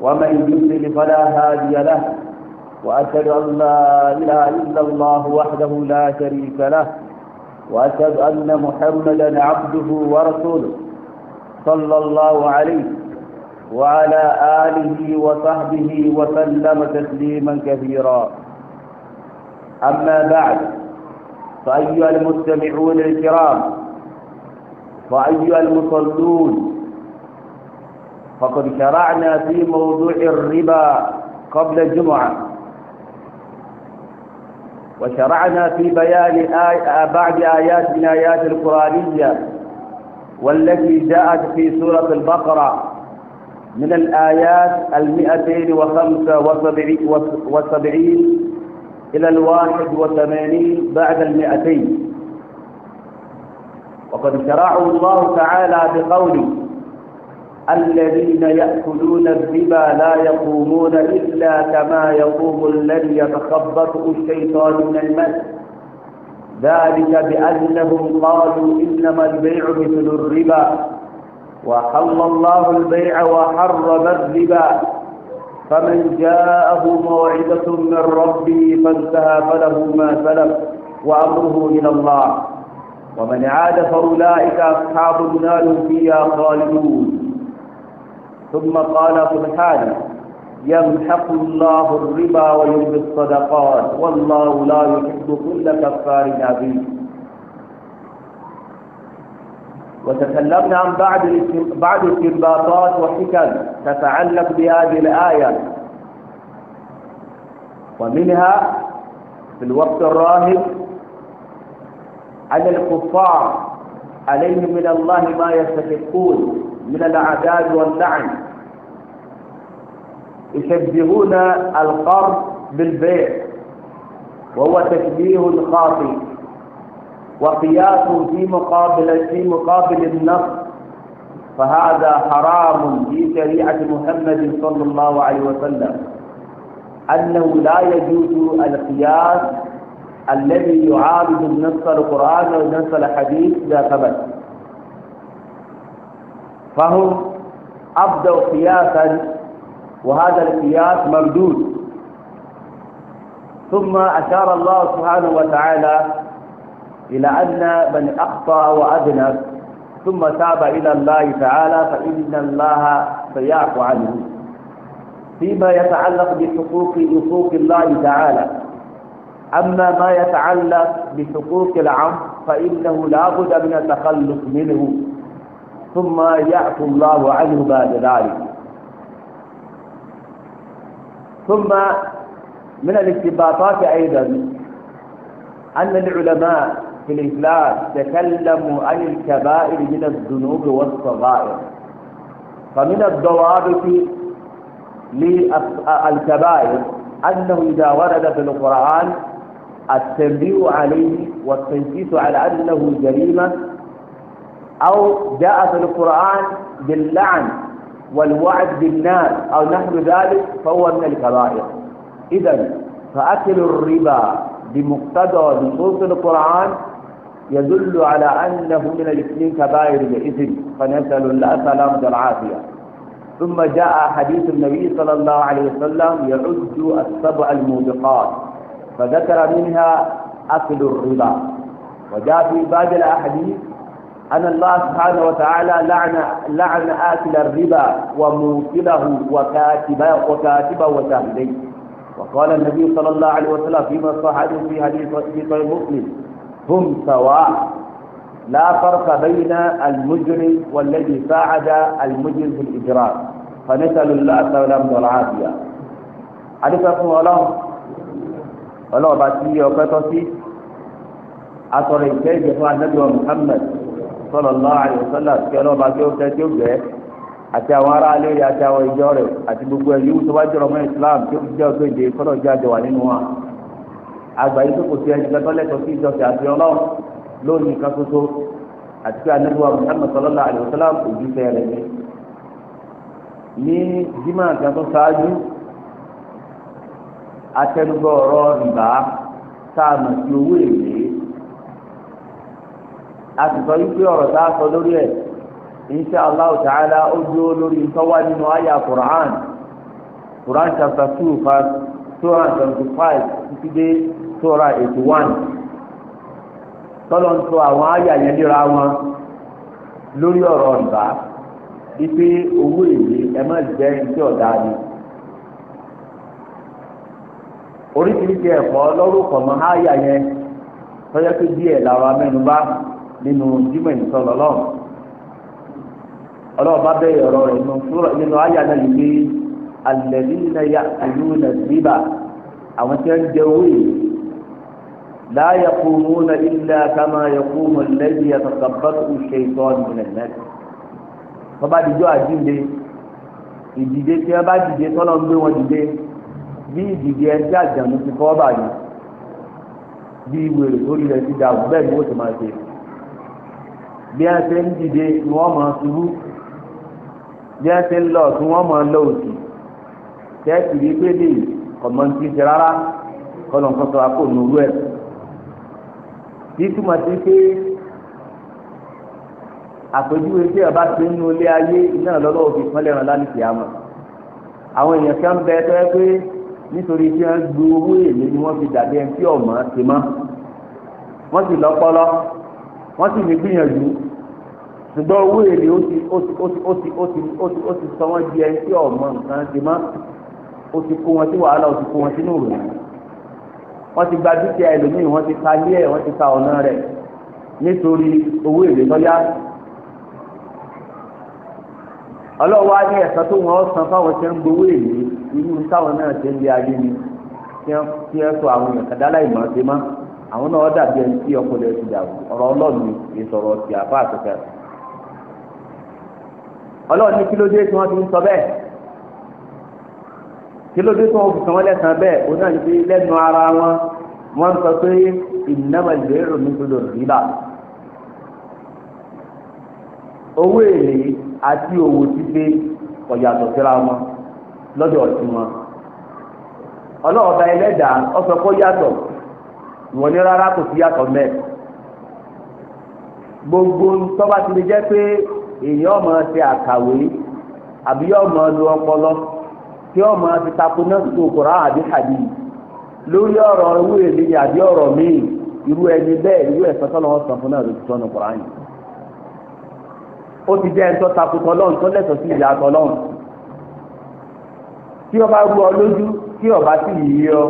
ومن يضلل فلا هادي له وأشهد أن لا إله إلا الله وحده لا شريك له وأشهد أن محمدا عبده ورسوله صلى الله عليه وعلى آله وصحبه وسلم تسليما كثيرا أما بعد فأيها المستمعون الكرام فأيها المصلون فقد شرعنا في موضوع الربا قبل الجمعة وشرعنا في بيان آي... بعض آيات من آيات القرآنية والتي جاءت في سورة البقرة من الآيات المئتين وخمسة وسبعين, وسبعين إلى الواحد وثمانين بعد المئتين وقد شرعه الله تعالى بقوله الذين يأكلون الربا لا يقومون إلا كما يقوم الذي يتخبطه الشيطان من المس ذلك بأنهم قالوا إنما البيع مثل الربا وحل الله البيع وحرم الربا فمن جاءه موعظة من ربه فانتهى فله ما سلف وأمره إلى الله ومن عاد فأولئك أصحاب النار فيها خالدون ثم قال سبحانه يمحق الله الربا ويربي الصدقات والله لا يحب كل كفار أثيم وتكلمنا عن بعض بعض استنباطات وحكم تتعلق بهذه الآية ومنها في الوقت الراهب على الكفار عليهم من الله ما يستحقون من العذاب واللعن يشبهون القرض بالبيع وهو تشبيه خاطئ وقياس في مقابل في مقابل النص فهذا حرام في شريعة محمد صلى الله عليه وسلم أنه لا يجوز القياس الذي يعارض النص القرآن والنص الحديث إذا ثبت فهم أبدوا قياسا وهذا القياس مردود ثم أشار الله سبحانه وتعالى إلى أن من أخطأ وأذنب ثم تاب إلى الله تعالى فإن الله سيعفو عنه فيما يتعلق بحقوق حقوق الله تعالى أما ما يتعلق بحقوق العم فإنه لا بد من التخلص منه ثم يعفو الله عنه بعد ذلك ثم من الاستباطات أيضا أن العلماء في الإسلام تكلموا عن الكبائر من الذنوب والصغائر فمن الضوابط للكبائر أنه إذا ورد في القرآن التنبيه عليه والتنكيس على أنه جريمة أو جاء في القرآن باللعن والوعد بالنار أو نحو ذلك فهو من الكبائر إذا فأكل الربا بمقتضى نصوص القرآن يدل على أنه من الاثنين كبائر الإثم فنسأل الله سلامة العافية ثم جاء حديث النبي صلى الله عليه وسلم يعد السبع الموبقات فذكر منها أكل الربا وجاء في بعض الأحاديث أن الله سبحانه وتعالى لعن لعن آكل الربا وموكله وكاتبه وكاتبه وساهديه وقال النبي صلى الله عليه وسلم فيما صح في حديث في صحيح مسلم هم سواء لا فرق بين المجرم والذي ساعد المجرم في الإجرام فنسأل الله السلامة والعافية عليك رحمه الله الله باتي وكتوسي أصر الكيد فعن محمد sallallahu alaihi wasallam kí ọlọ́ba tí ó tẹ́ tí ó gbẹ́ àti àwọn ará alẹ́ rẹ̀ àti àwọn ìjọ rẹ̀ àti gbogbo ẹ̀ yíwú tó bá jọrọ mọ́ Islam tí ó fi jẹ́ òkèèjì kọ́lọ̀ jẹ́ àjọwà nínú wa àgbà yìí tó kò sí ẹni gbẹ́tọ́ lẹ́tọ̀ọ́ sí ìjọsìn àti ọlọ́run lónìí nǹkan soso àti pé Ànábì wa Muhammad sallallahu alaihi wasallam fẹ́ rẹ̀ ni. ní jimá kan tó ṣáájú atẹnugbọ ọ̀rọ̀ rìbá sáà mọ̀ sí owó èlé a sì sọ ọ̀rọ̀ tá a sọ lórí ẹ̀ insha allah ta'ala ó dúró lórí ntọ́wá nínú quran quran chapter two verse two hundred seventy five títí dé two hundred eighty one tọ́lọ́ ń sọ àwọn wọn lórí ọ̀rọ̀ ọ̀nbá wípé owó èlé ẹ má jẹ́ ní ọ̀dà ni oríṣiríṣi ẹ̀fọ́ lọ́rùkọ̀ mọ́ àyà yẹn tọ́jọ́ pé díẹ̀ làwọn amẹ́nubá. nínú jimá ìsọlọ lọ́wọ́ ọlọ́wọ́ bá bẹ́ẹ̀ ọ̀rọ̀ rẹ̀ nínú ayé àná yìí pé alẹ́bí náà yà àlù nà síbà àwọn tí wọ́n jẹ owó yìí láyà kó mú na ilé akámá yà kó mú lẹ́yìn ṣe ìtọ́ nìyẹn náà bàbá àdìjọ́ àdìjọ́ ìdìde tí wọ́n bá dìde tọ́lọ́ ń gbé wọn dìde bí ìdìde ẹni tí àjàmú ti fọ́ báyìí bí ìwé rẹ̀ lórí rẹ̀ ti dà bẹ́ẹ̀ ni ó ti máa ṣe bí a ṣe ń dìde ni wọ́n máa ṣubú bí a ṣe ń lọ tí wọ́n máa lọ òsì tẹ́ẹ̀sì rí pé lè ọmọ ní ti ṣe rárá kọ́nà kan sọ àpò nùrú ẹ̀. bí túmọ̀ sí pé àpèjúwe tí ọba ṣe ń nu ilé ayé iná lọ́lọ́ òfin kan lẹ́ran lálùkì àmọ́ àwọn èèyàn kan bẹ tọ́ ẹ pé nítorí tí wọ́n gbé owó èlé ni wọ́n fi dàbí ẹni tí ọ̀mọ́ ti mọ́ wọ́n sì lọ́pọ́lọ́ wọ́n sì ní gbìyànjú ṣùgbọ́n owó èlé ó ti ó ti ó ti ó ti ó ti ó ti ó ti sọ wọ́n di ẹni tí ọ̀mọ nǹkan ti mọ́ ó ti kó wọn sí wàhálà ó ti kó wọn sínú ìròyìn wọ́n ti gba dúkìá ẹlòmíì wọ́n ti ta ilé ẹ̀ wọ́n ti ta ọ̀nà rẹ̀ nítorí owó èlé lọ́yà ọlọ́wọ́ á ní ẹ̀sán tó wọ́n san fáwọn tí ń gbowó èlé irú táwọn náà ti ń lé ayé ni tí wọ́n sọ àwọn èèyàn kàdá láì mọ̀ ọ́ àwọn náà dàbí ẹni tí ọpọlọ ti dàrú ọ̀rọ̀ ọlọ́ọ̀ni ìsọ̀rọ̀ ti àbá àtọ̀tẹ̀. ọlọ́ọ̀ni kí ló dé tí wọ́n ti ń sọ bẹ́ẹ̀ kí ló dé tí wọ́n fi sọ wọ́n lẹ́sàn-án bẹ́ẹ̀ òun náà ní pé lẹ́nu ara wọn wọ́n ń sọ pé innamal bay'u mithlu riba owó èlé àti òwò títí ọ̀yàtọ̀ síra wọn lọ́dọ̀ ọ̀tún wọn ọlọ́ọ̀ba ẹlẹ́dàá ọ wọ́n ní rárá kò sí yàtọ̀ mẹ́ gbogbo tọ́ba ti lè jẹ́ pé èèyàn ọmọ ti àkàwé àbí ọmọ lu ọpọlọ tí ọmọ ti takò náà tó Kùránì àbí hàdí lórí ọ̀rọ̀ owó èlé ni àbí ọ̀rọ̀ míì irú ẹni bẹ́ẹ̀ irú ẹ̀sán tọ́lọ́ wọn sàn fún náà lójú tọ́nu Kùránì yìí ó ti jẹ́ ẹ̀ńtọ́ takò tọ́lọ́run tó lẹ́tọ̀ọ́ sí ìyá tọ́lọ́run tí ọba rú ọ lójú tí ọba sì yí ọ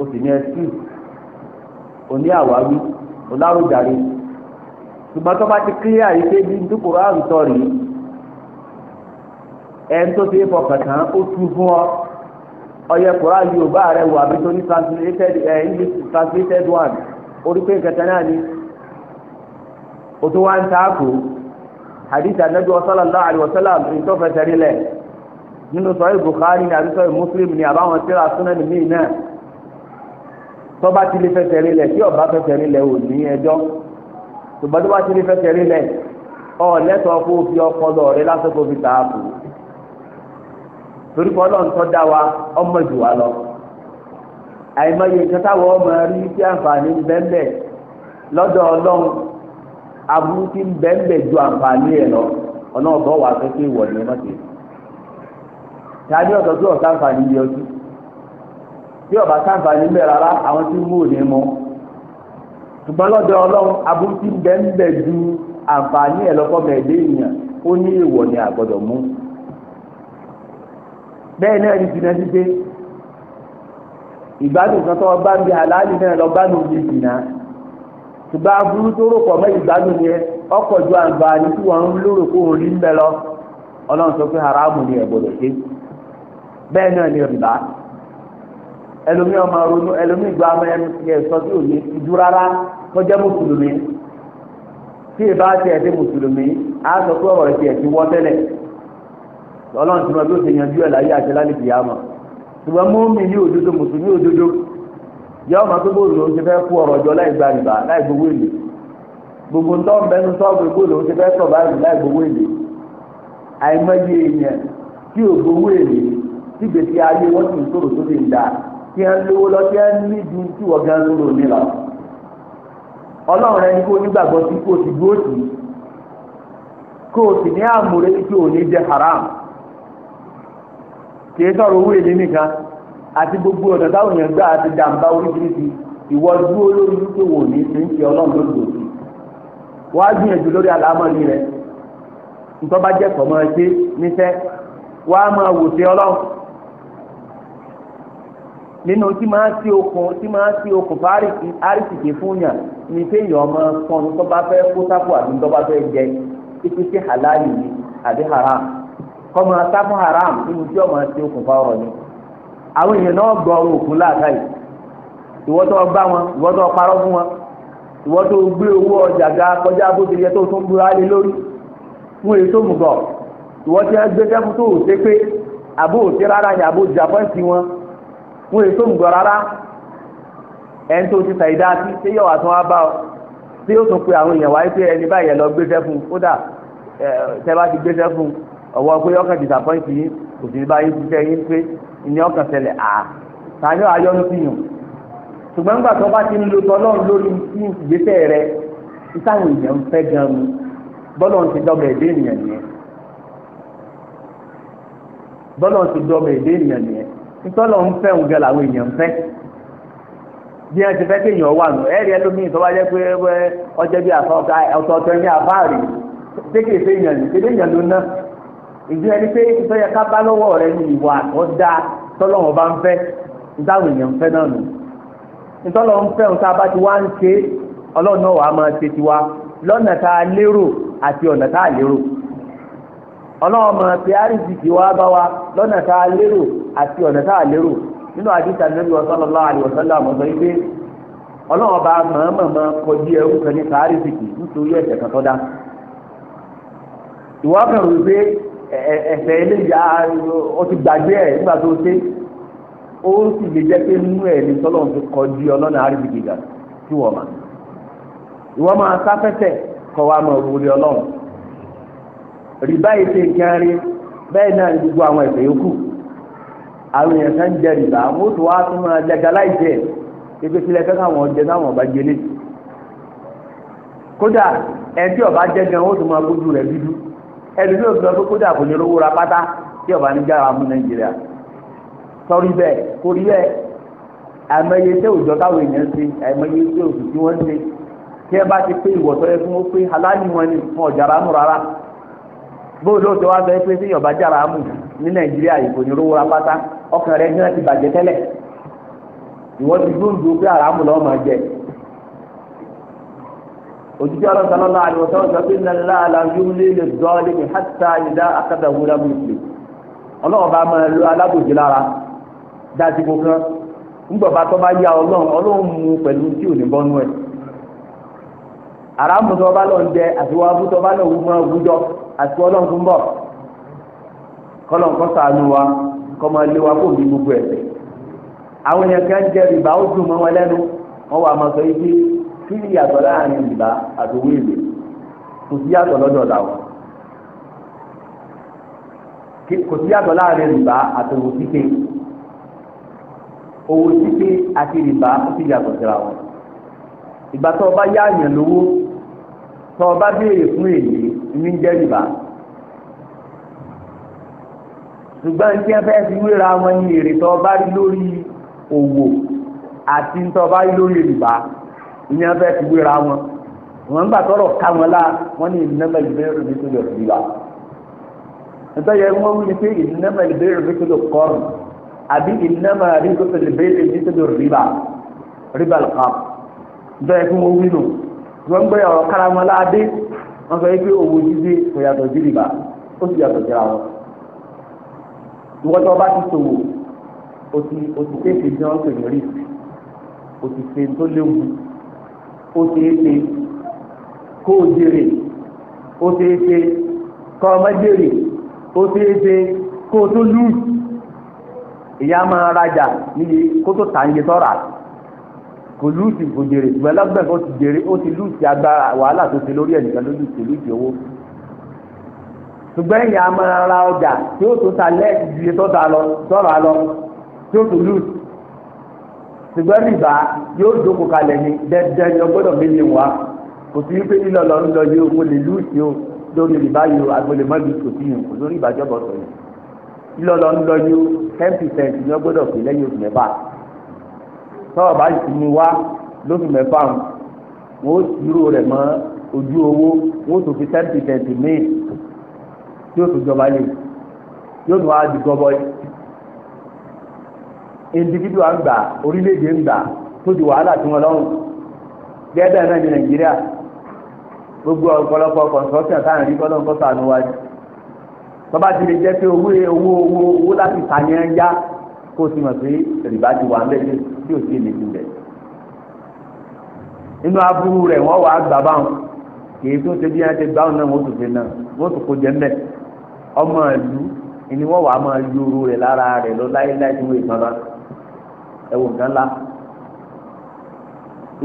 o sì ní ẹsùn oní àwáwí olárùjàre ṣùgbọ́n tó bá ti kílíà yìí pé bí dúkùrú àrùtọ̀ rí ẹni tó ti fọkàn tán ó tu fún ọ ọyẹ kùrá yorùbá rẹ wò àbí tó ní translated english translated one orí pé kẹtẹ náà ni o tó wá ń taako hadith anabi sallallahu alaihi wasallam ìtọ́fẹsẹ̀ rí lẹ̀ nínú sọ̀rọ̀ Bukhari ní àbí sọ̀rọ̀ Muslim ní àbáwọn tíra súnmọ́ ní náà tọ́ba ti lè fẹsẹ̀ rinlẹ̀ tí ọba fẹsẹ̀ rinlẹ̀ ò ní ẹjọ́ ṣùgbọ́n tọ́ba ti lè fẹsẹ̀ rinlẹ̀ ọ̀lẹ́tọ̀ kó fi ọpọlọ rẹ lásán kó fi tààbù torí kọ́ lọ́n tọ́ dá wa ọmọ jù wá lọ àìmọye nǹkan táwọn ọmọ rí sí àǹfààní bẹ́ẹ̀ lọ́dọ̀ ọlọ́run aburú ti ń bẹ́ẹ̀ ju àǹfààní ẹ̀ lọ ọ̀nà ọ̀bọ̀ wà fẹ́ kí ìwọ̀ bí ọba sáǹfà níbẹ̀ rárá àwọn tí ń mú òní mu ṣùgbọ́n lọ́dọ̀ ọlọ́run aburú ti ju àǹfààní ẹ̀ lọ́kọ́ mẹ́ẹ̀dé èèyàn ó ní èèwọ̀ ni àgbọ̀dọ̀ mú bẹ́ẹ̀ náà ní jìnnà dídé ìgbádùn kan tó wọ́n bá ń bi àlàálì náà lọ bá nùbí jìnnà ṣùgbọ́n aburú tó rò pọ̀ mọ́ ìgbádùn yẹn ọkọ̀ ju àǹfààní tí wọ́n ń lérò kó òun rí ń bẹ lọ ọlọ́run sọ pé haramu ni ẹ̀ gbọ́dọ̀ ṣe bẹ́ẹ̀ náà ni rìbá ẹlòmí ọmọ ronú ẹlòmí gba ọmọ ẹnu tiẹ̀ sọ tí ò ní ìdú rárá kọjá mùsùlùmí tí ì bá tiẹ̀ dé mùsùlùmí á sọ pé ọ̀rọ̀ tiẹ̀ ti wọ́ tẹ́lẹ̀ ọlọ́run ti mọ bí ó ti yanjú ẹ̀ láyé àti lálẹ́ ìyá mọ̀ ṣùgbọ́n mọ́mí ní òdodo mùsùlùmí òdodo yọ ọmọ pé bóòlù ló ń ṣe fẹ́ kú ọ̀rọ̀ jọ láì gba rìbá láì gbowó èlé gbogbo ńtọ́ bẹnu sọ́ọ̀bù bóòlù ló ń fẹ́ sọ̀ báyìí láì gbowó èlé àìmọye èèyàn tí ò gbowó èlé tí gbèsè ayé wọ́n ti ń sọ̀rọ̀ sóde ń dáa kí ẹ lówó lọ kí ẹ níbi tí wọ́n gan lóró mi lọ. ọlọ́run rẹ ní kó nígbàgbọ́ sí kó o sì dúró sí i kó o sì ní àmúre tí o jẹ haram kì í sọ̀rọ̀ owó èlé nìkan àti gbogbo ọ̀nà táwọn èèyàn gbà àti jàǹbá oríṣiríṣi ìwọ dúró lórí wípé wò ní ṣe ń ṣe ọlọ́run ló sí wọ́n á gbìyànjú lórí nítorí bá jẹ́ ẹ ṣe nínú tí máa ti okùn tí máa ti okùn fún àrísìkè fún yàn ní kéèyàn ọmọ sọnù tó bá fẹ́ kó sápò àbí tó bá fẹ́ jẹ títí sí halali ni àbí haram kọ́mọ sápò haram nínú tí ọmọ ti okùn fún ọ̀rọ̀ ni àwọn èèyàn náà gbọ́ òkun láàkáyì ìwọ tó bá wọn ìwọ tó parọ́ fún wọn ìwọ tó gbé owó ọjà ga kọjá bó ti yẹ tó tún gbúra lé lórí fún èso mùgọ̀ ìwọ tí gbé sẹ́fún tó ò wọn èso ń gbọ́ rárá ẹni tó ti sàyídá sí ṣé yóò wá tún wá bá ọ tí yóò tún pe àwọn èèyàn wáyé pé ẹni báyìí lọ gbéṣẹ́ fún un kódà tẹ́ bá ti gbéṣẹ́ fún un ọwọ́ pé ọkàn disappoint yín kò sí bá yín ṣiṣẹ́ yín pé ìní ọkàn ṣẹlẹ̀ à ayọ́nu yàn ṣùgbọ́n nígbà tó bá ti ń lo tọ́lọ́run lórí ìgbésẹ̀ rẹ ntọ́lọ̀ ń fẹ́ òun gẹ́lá àwọn èèyàn ń fẹ́ bí wọ́n ti fẹ́ kéèyàn wà nù ẹ̀rí ẹlòmíì tó bá jẹ́ pé ọjọ́ bí àfọ́ká ọ̀tọ̀ọ̀tọ̀ ní àbáàrí kéèké fẹ́ èèyàn ní kéèké èèyàn ló ná ìdí ẹni pé ìfẹ́yẹ ká bá lọ́wọ́ rẹ ní ìwà ọ̀dà tọ́lọ̀ wọn bá ń fẹ́ ìdáhùn èèyàn ń fẹ́ náà nù ntọ́lọ̀ ń fẹ́ òun tá a bá ti wá ń ṣe ọlọ́run náà wàá máa ṣe tiwa lọ́nà tá a lérò àti ọ̀nà tá a lérò ọlọ́run máa pe àrísìkì wá bá wa lọ́nà tá a lérò àti ọ̀nà tá a lérò nínú àdìsá nàbí sallallahu alaihi wasallam àmọ́sọ yìí pé ọlọ́run ọba kọjú kan ní sàárìsìkì nítorí ẹ̀ṣẹ̀ kan tọ́da ìwọ pé ẹ̀ṣẹ̀ eléyà ó ti gbàgbé ẹ̀ nígbà tó ṣe ó sì lè jẹ́ pé nínú ẹ̀ ní ti kọjú ọlọ́run àrísìkì gà sí wọ́n mà máa sáfẹ́sẹ̀ wa mọ̀ òwúrẹ́ ọlọ́run rìbá ìṣe bẹ́ẹ̀ náà àwọn èèyàn kan jẹ rìbá mọ́tò wa tún máa jẹjà láìjẹ ebi tilẹ̀ kẹ́kẹ́ àwọn jẹ táwọn ọba jẹlé kódà ẹni tí ọba jẹ gan wọ́n tún máa gbójú rẹ̀ dúdú ẹni tí òfin ọdún kódà kò ní lówó ra pátá tí ọba ní jára mú Nàìjíríà sọrí bẹ́ẹ̀ kò rí bẹ́ẹ̀ àìmọye tẹ òjọ táwọn èèyàn ṣe àìmọye tẹ òsì tí wọ́n ṣe tí ẹ bá ti pé ìwọ̀sọ yẹ fún ó pé aláàní wọn ni wọn ọ̀jà rámù rárá bóòdó tó wá sọ pé tí ọba jára mú ní Nàìjíríà ìkò ní lówó ra pátá ọkàn rẹ náà ti bàjẹ́ tẹ́lẹ̀ ìwọ ti dúndú pé àràmù náà máa jẹ òjijì ọlọ́run sọ lọ́la àdìwọ̀ sọ́wọ́n sọ pé nàlá aláyún líle ní hàtà ìdá akádàwó lábùsùlù ọlọ́run bá máa lo alábòjì lára dájú kan ńgbọ̀ba tó bá yá ọlọ́run ọlọ́run mú pẹ̀lú tí ò ní bọ́nú ẹ̀ àràmù tó bá lọ ń jẹ àtiwọ́ abú tó bá lọ wú mọ́ ọlọ́run tó ń bọ̀ wa. kọ́ máa lé wa kó bí gbogbo ẹ̀sẹ̀ àwọn èèyàn kan jẹ rìbá ó dùn mọ́ wọn lẹ́nu wọn wà máa sọ yìí kí ni ìyàtọ̀ láàrin rìbá àti owó èlé kò sí yàtọ̀ lọ́dọ̀ làwọn kò sí yàtọ̀ láàrin rìbá àti owó títẹ owó títẹ àti rìbá ó sì yàtọ̀ síra wọn ìgbà tó o bá yá lówó tó o bá béèrè fún èyí ní jẹ́ rìbá ṣùgbọ́n tí wọ́n fẹ́ fi wéra wọn ní èrè tó bá rí lórí òwò àti tó bá rí lórí rìbá ìyẹn wọ́n fẹ́ fi wéra wọn wọ́n gbà tọrọ ká wọn lá wọ́n ní ìnáwó ìbéèrè rẹ̀ tó lọ sí wa nítorí yẹn wọ́n wí pé ìnáwó ìbéèrè rẹ̀ tó lọ kọ́rù àbí ìnáwó ìbéèrè rẹ̀ tó lọ rìbá rìbá lọ́kàn nítorí fún wọn wí nù wọ́n gbé ọ̀rọ̀ kára wọn láadé wọ́n sọ pé òwò jíjẹ kò yàtọ̀ sí rìbá ó sì yàtọ̀ síra wọn ìwọ́n tó bá ti ṣòwò òtù kéèké tí wọ́n ń pè ní rí òtù ṣe tó léwu ó ṣeé ṣe kó o jèrè ó ṣeé ṣe kó o má jèrè ó ṣeé ṣe kó o tó lù ìyá máa rajà níbi kó tó tà ń kò lùsì kò jèrè ìgbàlọ́gbẹ̀ ti jèrè ó ti lùsì agbára wàhálà tó ṣe lórí ẹ̀nìkan ló lùsì lùsì owó ṣùgbọ́n ẹ̀yìn amọ̀ra ọjà tí ó tó ta lẹ́ẹ̀dì sọ́dọ̀ alọ sọ́rọ̀ alọ tí ó tó lù ṣùgbọ́n rìbá yóò dóko kalẹ̀ ní dẹ́dẹ́ ni ọgbọ́dọ̀ méje wá kò sí wípé nílò ọlọ́run lọ yóò mo lè lù sí o lórí rìbá yóò agbolè mọ́ mi kò sí yìí kò lórí ìbàjọ́bọ̀ sọ yìí nílò ọlọ́run lọ yóò ten percent ni ọgbọ́dọ̀ pè lẹ́yìn oṣù mẹ́fà sọ́ọ̀ bá ti mu wá lóṣù mẹ́fà wọn ó tìrò rẹ̀ mọ́ ojú owó wọn ó tó fi ten percent míì yóò tún jọba lè yóò tún wá di ń gbà orílẹ̀-èdè ń gbà tó di wàhálà tí wọ́n lọ́rùn gẹ́gẹ́ náà ní nàìjíríà gbogbo ọ̀pọ̀lọpọ̀ nǹkan sànù wa ni ti lè jẹ́ pé owó owó owó owó láti sàníyàn ń kó o mọ̀ pé rìbá ti wà tí ti bẹ̀. inú aburú rẹ̀ wọ́n wàá gbà báwọn kì í tún ṣe bí wọ́n ti gbà wọn náà wọ́n tún ṣe ọmọ ìlú ni wọ́n wàá máa yọrọ rẹ̀ lára rẹ̀ lọ láéláé tí ẹ̀wọ̀n nǹkan ńlá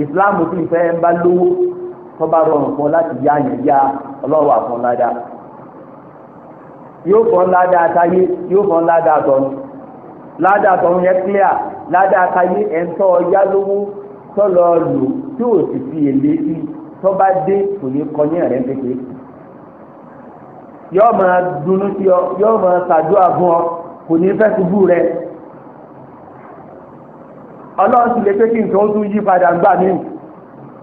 ìsìláàmù tí ìfẹ́ ń bá lówó tó bá rọrùn fún ọ láti yá àyàn yá ọlọ́wọ́ àfọ̀n ládàá yóò fọ́n clear ládàá ẹ̀ńtọ́ ọ̀yá lówó lò tí ò sì fi èlé sí tó bá yọọ máa dùnnú sí ọ yọọ máa ṣàdúrà fún ọ kò ní fẹ́ ṣubú rẹ ọlọ́run ti lè pé kí nǹkan ó tún yí padà gbà mí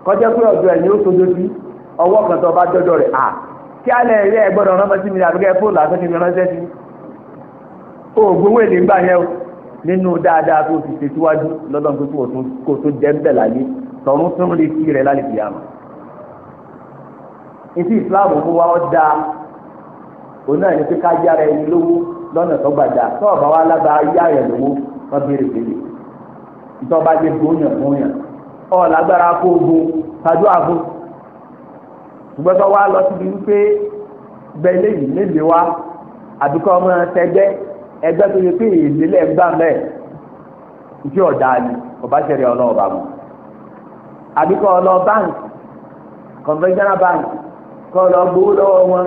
kọjá pé ọ̀dọ̀ ẹ̀ ni ó sí ọwọ́ kan tó bá dọ́dọ̀ rẹ̀ à mi fóònù àti kí mi o gbowó èlé ń gbà yẹn o nínú dáadáa tó ti ṣe síwájú lọ́dún tó tún kó tó jẹ́ ń bẹ̀ láyé tọ̀run tún rẹ̀ lálẹ́ ìsì ìsìláàmù òun náà ní pé ká yára ẹni lówó lọ́nà tó gbàdá tó ọ̀bá wa lába yá rẹ̀ lówó wọ́n béèrè béèrè ìtọ́ba lè gbóyàn gbóyàn lágbára kó tajú ṣùgbọ́n tó wá lọ síbi wípé gbẹ́lẹ́ yìí nílé wa àdúgbò ọmọ ẹgbẹ́ ẹgbẹ́ tó yẹ pé ìdílé ẹgbà ọ̀dà ni ọba ṣẹlẹ̀ ọlọ́ọ̀bà kọ́ ọ gbowó lọ́wọ́ wọn.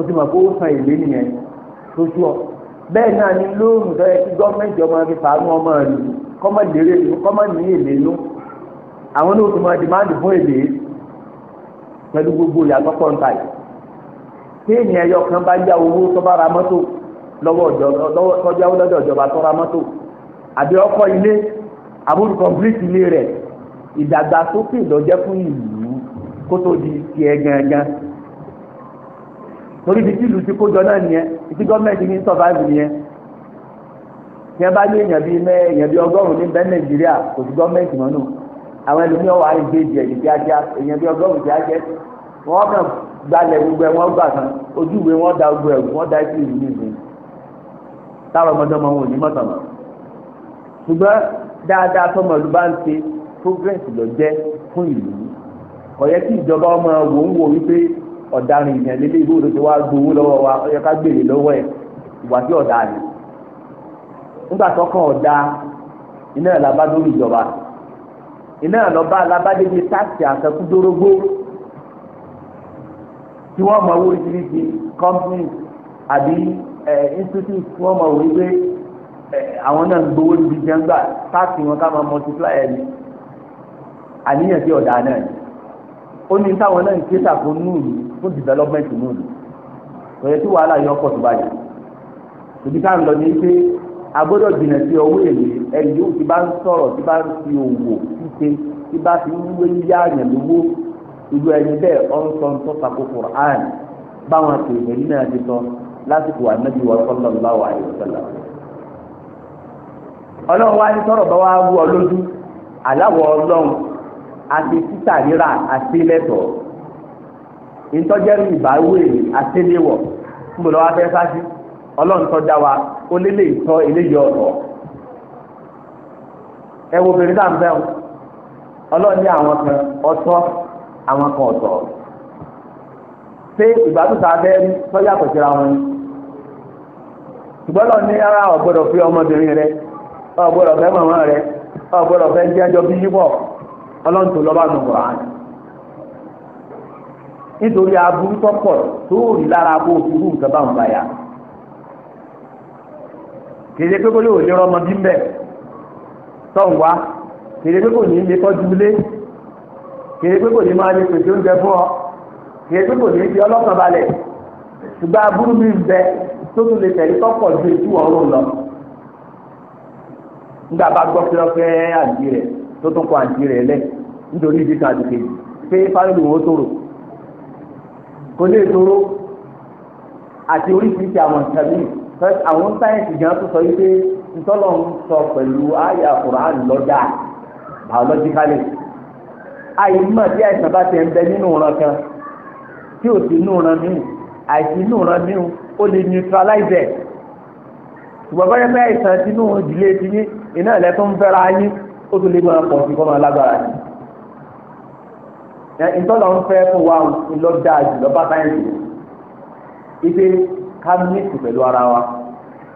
o ti mọ̀ kó san èlé nìyẹn lójú ọ bẹ́ẹ̀ náà ni lóòrùn tó yẹ kí gọ́ọ̀mẹ̀ntì ọmọ fi fàánú ọmọ rẹ̀ kọ́mọ̀ lérè kọ́mọ̀ ní èlé nú àwọn ní o ti mọ dìmáàdì fún èlé pẹ̀lú gbogbo ìyàtọ̀ kọ́ńtà yìí tí ènìyàn ẹyọ kan bá yá owó tó bá ra mọ́tò lọ́wọ́ tọ́jú lọ́dọ̀ ìjọba tó ra mọ́tò àbí ọkọ̀ ilé àbúrò kọ̀ǹpìlìtì ilé rẹ̀ ìdàgbàsókè lọ́jẹ́ fún ìlú kótó di tiẹ̀ gangan torí ibi tí ìlú ti kójọ náà nìyẹn ibi gọ́ọ̀mẹ̀ntì ní sọ́fàìbù nìyẹn tí wọ́n bá ní èèyàn bíi mẹ́ èèyàn bíi ọgọ́rùn-ún ní bẹ́ẹ̀ nàìjíríà kò sí gọ́ọ̀mẹ̀ntì mọ́ nù àwọn ẹlòmíràn wà á gbé ìdí ẹ̀yìn kíákíá èèyàn bíi ọgọ́rùn-ún kíákíá wọ́n kàn gbalẹ̀ gbogbo ẹ̀ wọ́n gbà kan ojú ìwé wọ́n da gbogbo ẹ̀ wọ́n da ẹ̀kú ìlú nìyí táwọn ọmọdé wọn ò ní mọ̀tàmọ́ ṣùgbọ́n dáadáa tọmọ ìlú bá ń ṣe progress lọ jẹ́ fún ìlú kò yẹ ìjọba ọmọ wò ń wò wípé ọ̀daràn ìyẹn lé lé ìgbóhùn tó wá gbowó lọ́wọ́ wa ó yẹ ká gbèrè lọ́wọ́ ẹ̀ ìwà tí ọ̀dà rẹ̀ nígbà tó kàn ọ̀dà iná làbá lórí ìjọba iná lọ́ba alábádéjì táàkì àtẹkùdórógbó tí wọ́n mọ owó oríṣiríṣi company àbí institute tí wọ́n mọ òwe pé àwọn náà ń gbowó níbi jẹ́ngbà táàkì wọn ká máa multiply ẹ̀ ní àníyàn sí ọ̀dà náà ni ó ní táwọn náà ń ké sàkó núùlù fún development núùlù òye tí wàhálà yọ ọkọ̀ tó báyìí ibi ká ń lọ ní pé a gbọ́dọ̀ jìnnà sí ọwọ́ èlé ẹni yóò ti bá ń sọ̀rọ̀ ti bá ń fi òwò ṣíṣe ti bá ti ń wé yíyá àyàn lówó ìlú ẹni bẹ́ẹ̀ ọ̀nsán tó sàkó Qur'an báwọn àtẹ̀yẹ̀ nínú àti sọ lásìkò ànábì wa sallallahu alaihi wasallam. ọlọ́run wá ní sọ̀rọ̀ bá wá wú ọ lójú aláwọ̀ ọlọ́run àti títà rírà àti lẹ́tọ̀ọ́ ìtọ́jẹ́rì ìbáwé àtẹlẹ́wọ̀ fún mi lọ́wọ́ fẹ́ sáájú ọlọ́run tó dá wa ó lélẹ̀ ìtọ́ eléyìí ọ̀tọ̀ ẹ wo obìnrin náà ń bẹ́ wọn ọlọ́run ní àwọn kan ọ̀tọ̀ àwọn kan ọ̀tọ̀ ṣé ìgbàdùn tá a bẹ́ tọ́jà kò síra wọn ṣùgbọ́n lọ́ọ̀ ní ara ọ̀gbọ́dọ̀ fi ọmọbìnrin rẹ ọ̀gbọ́dọ̀ fẹ́ mọ̀mọ́ rẹ ọ̀gbọ́dọ̀ fẹ́ jẹ́jọ́ bí yíbọ̀ ọlọ́run tó lọ́ba nù kùrán nítorí aburú tọ́pọ̀ tó rí lára bó o fi wú nǹkan bá ń bá yà kèrè pé kó lè wò lè rọmọ bí mbẹ tọ̀hún wá kèrè pé kò ní lè tọ́jú ilé kèrè pé kò ní máa lè pèsè oúnjẹ fún ọ kèrè pé kò ní fi ọlọ́kàn balẹ̀ ṣùgbọ́n aburú mi ń bẹ tó tún lè tẹ̀lé tọ́pọ̀ ju ètú ọ̀run lọ nígbà bá gbọ́ pé ọ̀fẹ́ àdìrẹ́ tó tún kọ àǹtí rẹ̀ lẹ̀ nítorí ìdí kan àti kejì pé fáìlì wọn ó tòrò kò lè tòrò àti oríṣiríṣi àwọn nǹkan míì àwọn sáyẹ̀nsì gan tó sọ yìí pé ntọ́lọ̀ ń sọ pẹ̀lú àyà Quran lọ́jà biologically àyìnbó tí àìsàn bá ti ń bẹ nínú ìran kan tí ò sí inú ìran míì àìsí inú ìran míì ó lè neutralize ẹ̀ ṣùgbọ́n báyọ̀ pé àìsàn sínú ìdílé ti yín iná ẹ̀lẹ́tọ́ ń fẹ́ra yín ó tún lé máa pọ̀ sí kọ́ máa lágbára ni. ìtọ́lọ̀ ń fẹ́ fún wa ìlọ́dà jùlọ bá sáyẹ̀nsì ife ká mẹ́sì pẹ̀lú ara wa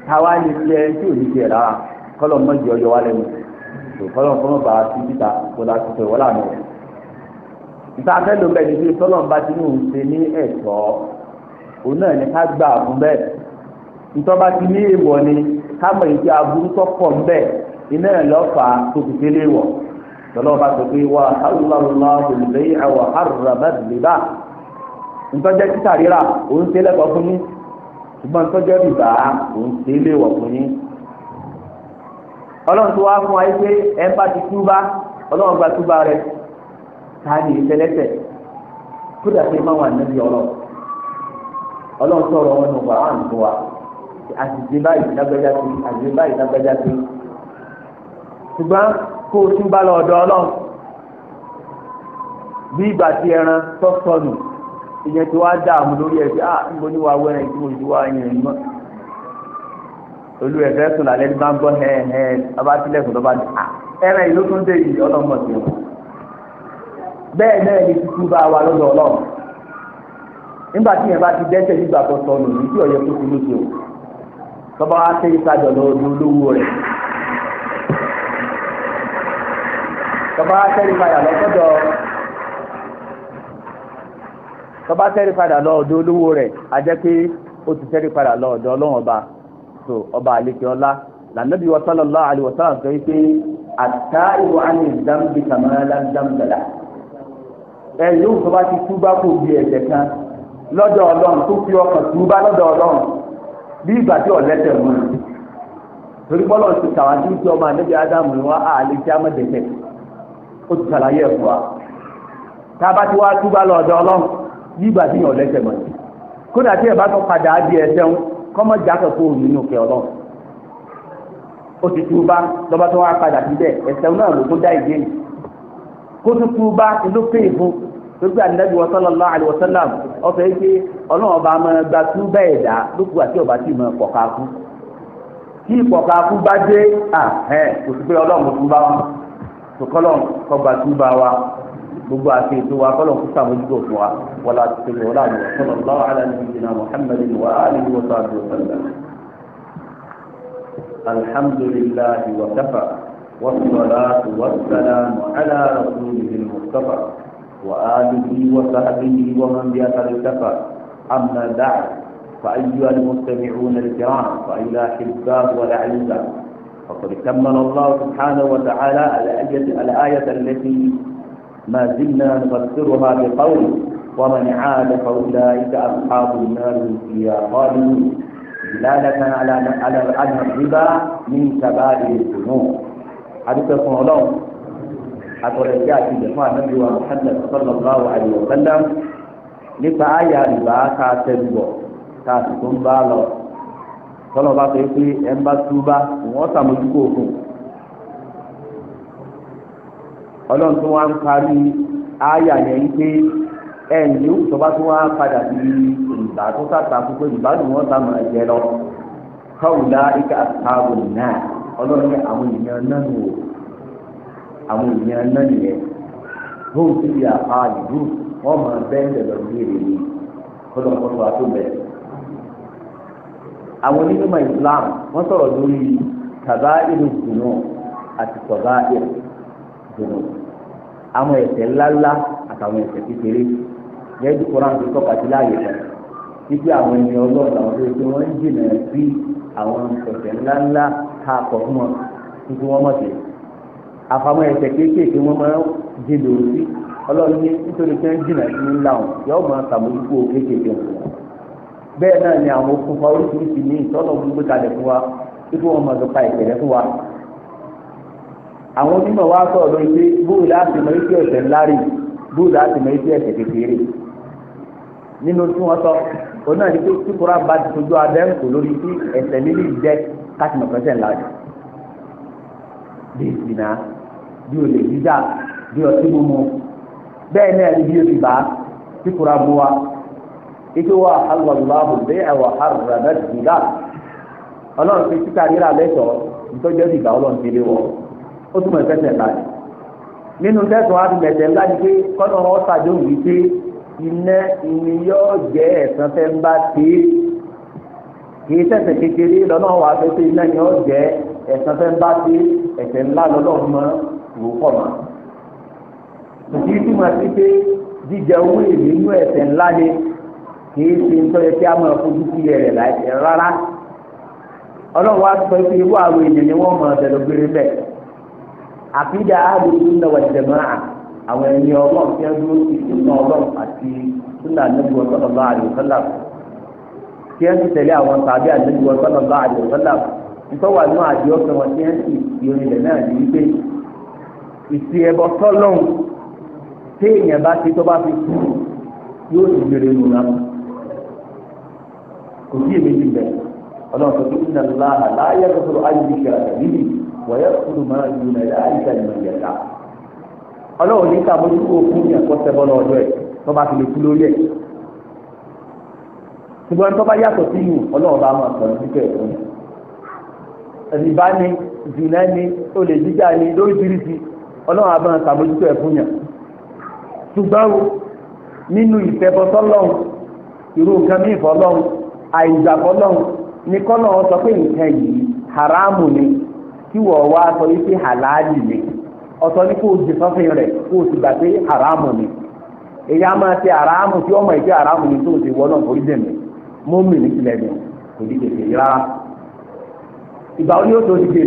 táwa lè jẹ tí ò ní jẹ rárá kọ́lọ̀ mọ́ jẹ ọyọ wa lẹ́nu kọ́lọ̀ fọ́nà bá ti síta kó la ti fẹ́ wọ́lá mi. ìta fẹ́ ló bẹ́ẹ̀ ni pé tọ́lọ̀ ń bá ti ní òun ṣe ní ẹ̀tọ́ òun náà ni ká gbà fún bẹ́ẹ̀ ìtọ́ bá ti ní èèwọ̀ ni ká mọ̀ ìdí aburú tó ń bẹ́ẹ̀ iná ẹ̀ lọ tó fi délé wọ̀ tọ́lọ́ bá sọ pé wà hàlùlọ́lọ́ olùbẹ́yì ntọ́jẹ́ títà ríra òun ṣe lẹ́kọ̀ọ́ fún yín ṣùgbọ́n ntọ́jẹ́ rìbá òun ṣe léwọ̀ fún yín. ọlọ́run tó wá fún wa yìí pé ń bá ti túbá ọlọ́run gba túbá má wà níbi ọ̀rọ̀ ọlọ́run wa àti ṣùgbọ́n kó o tún bá lọ ọ̀dọ̀ ọlọ́run bí ìgbà tí ẹran tó ìyẹn tí wàá dààmú lórí ẹ̀ ah, tí mo ti wá yẹn mọ́ olú ẹ̀ sùn lálẹ́ bá ń gbọ́ hẹ́ẹ̀ hẹ́ẹ̀ ọba tilẹ̀kùn lọ́ba ní à ah, ẹran ìlú tún dé yìí ọlọ́mọ sí wọn bẹ́ẹ̀ náà ni bá wa lọ́dọ̀ ọlọ́run nígbà tí yẹn bá ti dẹ́sẹ̀ nígbà tó sọnù tí ọ̀yẹ́ kó ti tọ́ba wa tọba tẹ́rí padà lọ́kọ́dọ̀ tọba tẹ́rí padà lọ ọ̀dọ̀ olówó rẹ̀ a O pé ó ti tẹ́rí padà lọ ọ̀dọ̀ ọlọ́run ọba tó ọba àlekè ọlá lànàbí sallallahu alaihi wasallam sọ pé àtà ìwọ àni ìdámbi kàmáńlá dámdàlà ẹ yóò tọba ti túbá kó bí ẹ̀jẹ̀ kan lọ́dọ̀ ọlọ́run tó fi ọkàn túbá lọ́dọ̀ ọlọ́run bí ìgbà tí ọ̀lẹ́tẹ̀ mú un torí bọ́lọ̀ ti tàwájú tí ọmọ àdébí ádámù ni wọ́n á àlejò àmọ̀dẹ̀tẹ̀ ó ti ṣàlàyé ẹ̀ fún wa tá a bá ti wá túbà lọ ọ̀dọ̀ ọlọ́run yí ìgbà tí yàn lẹ́sẹ̀ mọ̀ kódà tí ẹ̀ bá tó padà á di ẹsẹ̀ ń kọ́mọ jákè kó o nínú kẹ ọlọ́run ó ti túbà lọ́ba tó wá padà síbẹ̀ ẹsẹ̀ náà ló tó dá ìdí yìí kó tó túbà ló pé ìbò gbogbo anabi wa sallallahu alayhi wa sallam ọfẹ ike Ọlọ́run ọba máa gba túbà ẹ̀dá lókù àti ọba tí mo kọkà kú tí ìkọkà kú bá dé à ẹ kò sí tòkọ́lọ̀ kọgbà túbà wa gbogbo àti ètò wa kọ́lọ̀ kó sàmójútó fún wa wàlá àti tòlù ọ̀la àti sọ̀rọ̀ lọ́wọ́ aláàbí ìdìnnà muhammadin wa alihi wa sahbihi wa sallam. alhamdulillahi wa kafa والصلاة والسلام على رسوله المصطفى وآله وصحبه ومن بأثر السفر أما بعد فأيها المستمعون الكرام فإلى حباه والأعزاء فقد كمل الله سبحانه وتعالى الآية, الآية التي ما زلنا نفسرها بقول ومن عاد فأولئك أصحاب النار فيها خالدون دلالة على على أن الربا من كبائر الذنوب حدثكم الله أقول لك في جماعة النبي محمد صلى الله عليه وسلم nípa يا ربا ká tẹnu bọ̀ tọ́lọ̀ bá sọ pé ẹ̀ ń bá túbá wọ́n sàmójúkò òkun ọlọ́run tó wá ń parí ááyà yẹn ń pé ẹ̀ ń yóò tó bá tó wá padà sí ìgbà tó sàtà púpọ̀ ìgbà tó wọ́n sàmọ̀ ẹ̀jẹ̀ lọ káwùlá ika àtàwọn náà ọlọ́run ní àwọn èèyàn náà nù ó àwọn èèyàn náà nìyẹn bóun ti di àpá àdúgbò wọ́n máa bẹ́ẹ̀ lọ́ọ́ gbére ni kọ́lọ́kọ́lọ́ wa tó bẹ̀rẹ̀ àwọn onímọ̀ Islam wọ́n sọ̀rọ̀ lórí kàbá ìlú dùnú àti kọ̀bá ìlú dùnú àwọn ẹ̀ṣẹ̀ ńláńlá àtàwọn ẹ̀ṣẹ̀ kékeré gẹ́gẹ́ kóran tó tọ́ka sí láàyè kan títí àwọn ẹni ọlọ́run àwọn tó ṣe wọ́n ń jìnà sí àwọn ẹ̀ṣẹ̀ ńláńlá tá a kọ̀ fún wọn títí wọ́n mọ̀ sí àfàwọn ẹ̀ṣẹ̀ kéékèèké wọ́n máa ń jìnà sí ọlọ́run ní nítorí pé ń jìnà sí ńlá wọn yọ bẹ́ẹ̀ náà ni àwọn okùnfà oríṣiríṣi ní ìtọ́nà gbogbo kalẹ̀ fún wa títí wọn máa dọ̀ka ìpẹ̀lẹ́ fún wa. àwọn onímọ̀ wa sọ̀rọ̀ lórí pé bóòlù láti mọ ife ẹ̀sẹ̀ ńlá rè bóòlù láti mọ ife ẹ̀sẹ̀ kékeré. nínú tí wọ́n sọ òun náà ni pé tí kura bá ti fojú abẹ́ ń kò lórí sí ẹ̀sẹ̀ nílì jẹ́ káti mọ̀ pẹ́sẹ̀ ńlá rè. bí ìsìnà bí olè jíjà bí ọtí mímu bẹ́ẹ̀ náà ni bí ike wa alallahu bẹ́ẹ̀ wa harrama dìgbà ọlọ́run fi títà rírà lẹ́tọ̀ọ́ nítorí ìgbà ọlọ́run ti lé wọ̀ ó túmọ̀ ìfẹsẹ̀ láti nínú tẹ̀sán àdìmẹ̀tẹ̀ ńlá ni pé kọ́nà wọn ṣàjọ wí pé iná ìní jẹ́ ẹ̀sán fẹ́ ń bá ti kì í ṣẹ̀ṣẹ̀ kékeré lọ́nà wà pé pé iná yóò jẹ́ ẹ̀sán fẹ́ ń bá ti ẹ̀ṣẹ̀ ńlá lọ́nà mọ́ wò pọ̀ mọ́. kò sí túmọ̀ sí pé jíjẹ owó èlé inú ńlá ni kìí ṣe ń tọ́jú kí a máa fojú sí rẹ̀ láìpẹ́ rárá ọlọ́run wá sọ pé irú àwọn èèyàn ni wọ́n mọ̀ ọ̀dẹ̀dọ̀ gbére bẹ́ẹ̀ àfíjà àdúgbò ń lọ́wọ́ ìjẹ̀mọ́ra àwọn ẹni ọlọ́run fi ń dúró sí ìtúnà ọlọ́run àti ìtúnà nígbà ọ̀sán ọ̀bá àdìọ́sọ́là tí ń tẹ̀lé àwọn tàbí àdìgbò ọ̀sán ọ̀bá àdìọ́sọ́là ìtọ́wà ní àdìọ́sọ́ wọn tí ń sì fi orinlẹ̀ náà ní wípé ìsì ẹbọ sọ́lọ́run tí èèyàn bá ti tó bá fi kú yóò sì gbére nù náà kò sí èmi ti bẹ̀ ọlọ́run tó ní nàlá àláyé tó tó ayé ti kẹrẹ tẹ̀lé wọ̀nyẹ́ kúrò máa ju nàlá ayé ti àyè màjẹ̀ká ọlọ́run ní ká bójú kó fún yẹn kó sẹ́bọ́ lọ́dọ̀ ẹ̀ tó bá fi lè kú lórí ẹ̀ ṣùgbọ́n tó bá yàtọ̀ sí yìí ọlọ́run bá máa sọ̀rọ̀ sí kẹrẹ fún ẹ̀dìbá ni jùlá ni olè jíjà ni lóríṣiríṣi ọlọ́run abọ́n ṣàbójútó ẹ̀ fún àìgbàgbọ́ náà ní kọ́nà sọ pé nǹkan yìí haramu ni tí wọ́n wá sọ wípé halali ni Ọtọ ní kó o jẹ sọ́fìn rẹ̀ kó o sì gbà pé haramu ni èyí á máa ṣe haramu tí ọmọ ìṣe haramu ni tó o ti wọ́n náà forí dẹ̀ mi mú mi ní tilẹ̀ mi kò ní tètè rárá ìgbà wo ni ó tó ti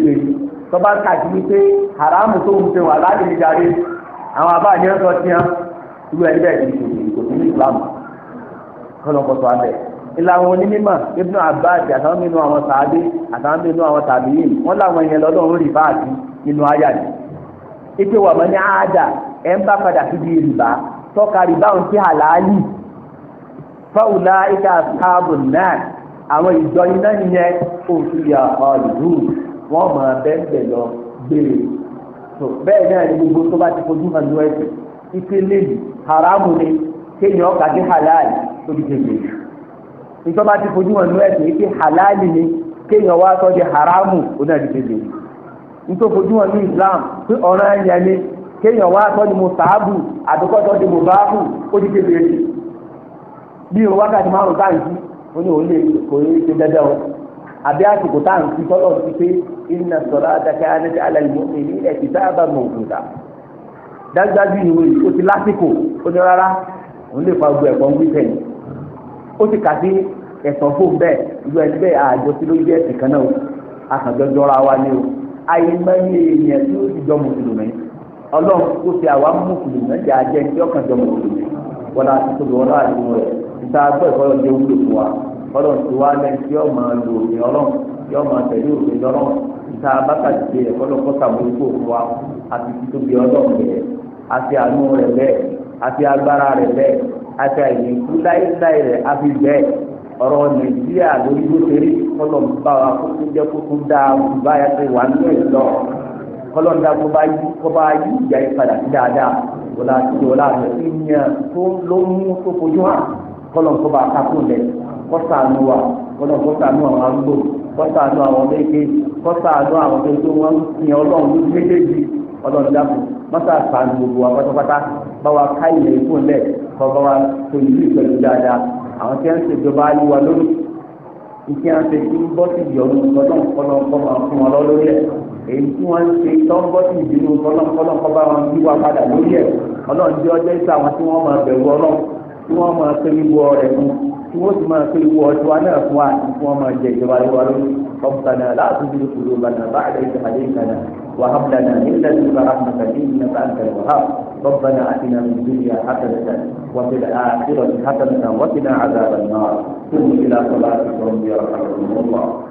tọ́ba wípé haramu tó ń ṣe wà láti ní darí àwọn àbá àyẹ̀ńsọ tiẹ̀ irú ẹni bẹ́ẹ̀ ti ṣòwò ìkòtí ní kọ́nà kọ́tọ́ ìlànà onímọ̀ ibnu abbas àtàwọn nínú àwọn sàádé àtàwọn nínú àwọn tàbíyìn wọn làwọn yẹn lọ́lọ́run rìbá àti inú àyà ni. ipe wà mọ́ ní àádà ẹ̀ ń bá padà síbi rìbá tọ́ka rìbá òun ti hàlàálì fáwùlà ìka káàbù náà àwọn ìjọ iná nìyẹn òfin yà ọ̀lù wọn mọ̀ bẹ́ẹ̀ lọ gbére. bẹ́ẹ̀ náà ni gbogbo tó bá ti fojú hàn lọ́ẹ̀sì ìpínlẹ̀ haramu ni kéèyàn kàdé hàlàálì tó ti tẹ̀lé ìjọba ti fojú wọn nú ẹ̀sìn pé halali ni kéèyàn wá sọ di haramu oní àdìgbèlè nítorí fojú wọn ní Islam pé ọ̀ràn ẹ̀yẹ ni kéèyàn wá sọ di mùsàábù àdúgbò sọ di mùbáàbù ó ti kéde rí bí irun wákàtí márùn táǹkì ó ní òun lè kò ní ṣe dandan o àbí àsìkò táǹkì tọ́lọ̀ ti pé inna salata kanat ala al-mu'minina kitaban mawquta dájúdájú ìwé ó ti lásìkò ó ní rárá òun lè fa gbogbo ẹ̀kọ́ ń wí tẹ̀yìn ó ti kà sí ẹ̀sán fún bẹ́ẹ̀ ìlú ẹni bẹ́ẹ̀ àjọ tí ló yẹ ẹ̀sìn kan náà o àkànjọ́jọ́ ra wa ni o àyèmáyé èèyàn tí ó ti jọ mùsùlùmí ọlọ́run tó fi àwa mùsùlùmí ẹ̀jẹ̀ àjẹ tí ọkàn jọ mùsùlùmí wọlé àti tóbi wọlé àti wọn rẹ̀ ìta gbọ́ ìfọyọ̀ jẹ́ wúlò fún wa ọlọ́run tó wá lẹ́yìn tí yóò máa lo òfin ọlọ́run yóò máa tẹ̀lé òfin ọlọ́run ìta bákàtí ṣe ẹ̀kọ́ lọ́kọ́ sàmójúkò fún wa àti títóbi ọlọ́run rẹ̀ àti àánú rẹ̀ bẹ́ẹ̀ àti agbára rẹ̀ bẹ́ẹ̀ àti àyìnkú láìláì rẹ̀ àfi bẹ́ẹ̀ ọ̀rọ̀ nàìjíríà lórí ló ṣeré kọ́lọ̀ ń bá wa kó tún jẹ́ kó tún dáa bá yà pé wà nínú ẹ̀ lọ kọ́lọ̀ ń dá kó bá yí kó bá yí ìjà yìí padà sí dáadáa wọlá àti wọlá àti ìyẹn tó ló mú tó fojú hàn kọ́lọ̀ ń kó bá wa kọ́lọ̀ ń kó ṣàánú àwọn arúgbó kó ṣàánú àwọn méje tó tó wọ́n ń sin ọlọ́run lójú méjèèjì ọlọ́run dákun mọ́tà sàn gbogbo wa pátápátá bá wa ká ilẹ̀ ikú ńlẹ̀ kọ́ bá wa tó ìlú ìpẹ̀lú dáadáa àwọn tí wọ́n ń ṣèjọba ayé wa lórí ìṣe àṣẹ tí ń bọ́ sí ìyọ̀nù kọ́lọ́nkọ́lọ́nkọ́ máa fún wọn lórí ẹ̀ èyí tí wọ́n ń ṣe tó bọ́ sí ìdínú kọ́lọ́nkọ́lọ́nkọ́ bá wọn yíwá padà lórí ẹ̀ ọlọ́run jẹ́ ọjọ́ ìṣe àwọn tí wọ́n máa bẹ̀rù ọlọ́run tí wọ́n máa tí wọ́n ti máa pe ìwọ ọjọ́ náà fún wa àti fún ọmọ ìjẹ ìjọba ìwà lórí ọ̀pọ̀tànà láti bí kúrò lọ́nà bá àdé ìjàdé ìkànnà وهب لنا من لدنك رحمة إنك أنت الوهاب ربنا آتنا من الدنيا حسنة وفي الآخرة حسنة وقنا عذاب النار ثم إلى صلاتك ربي يرحمكم الله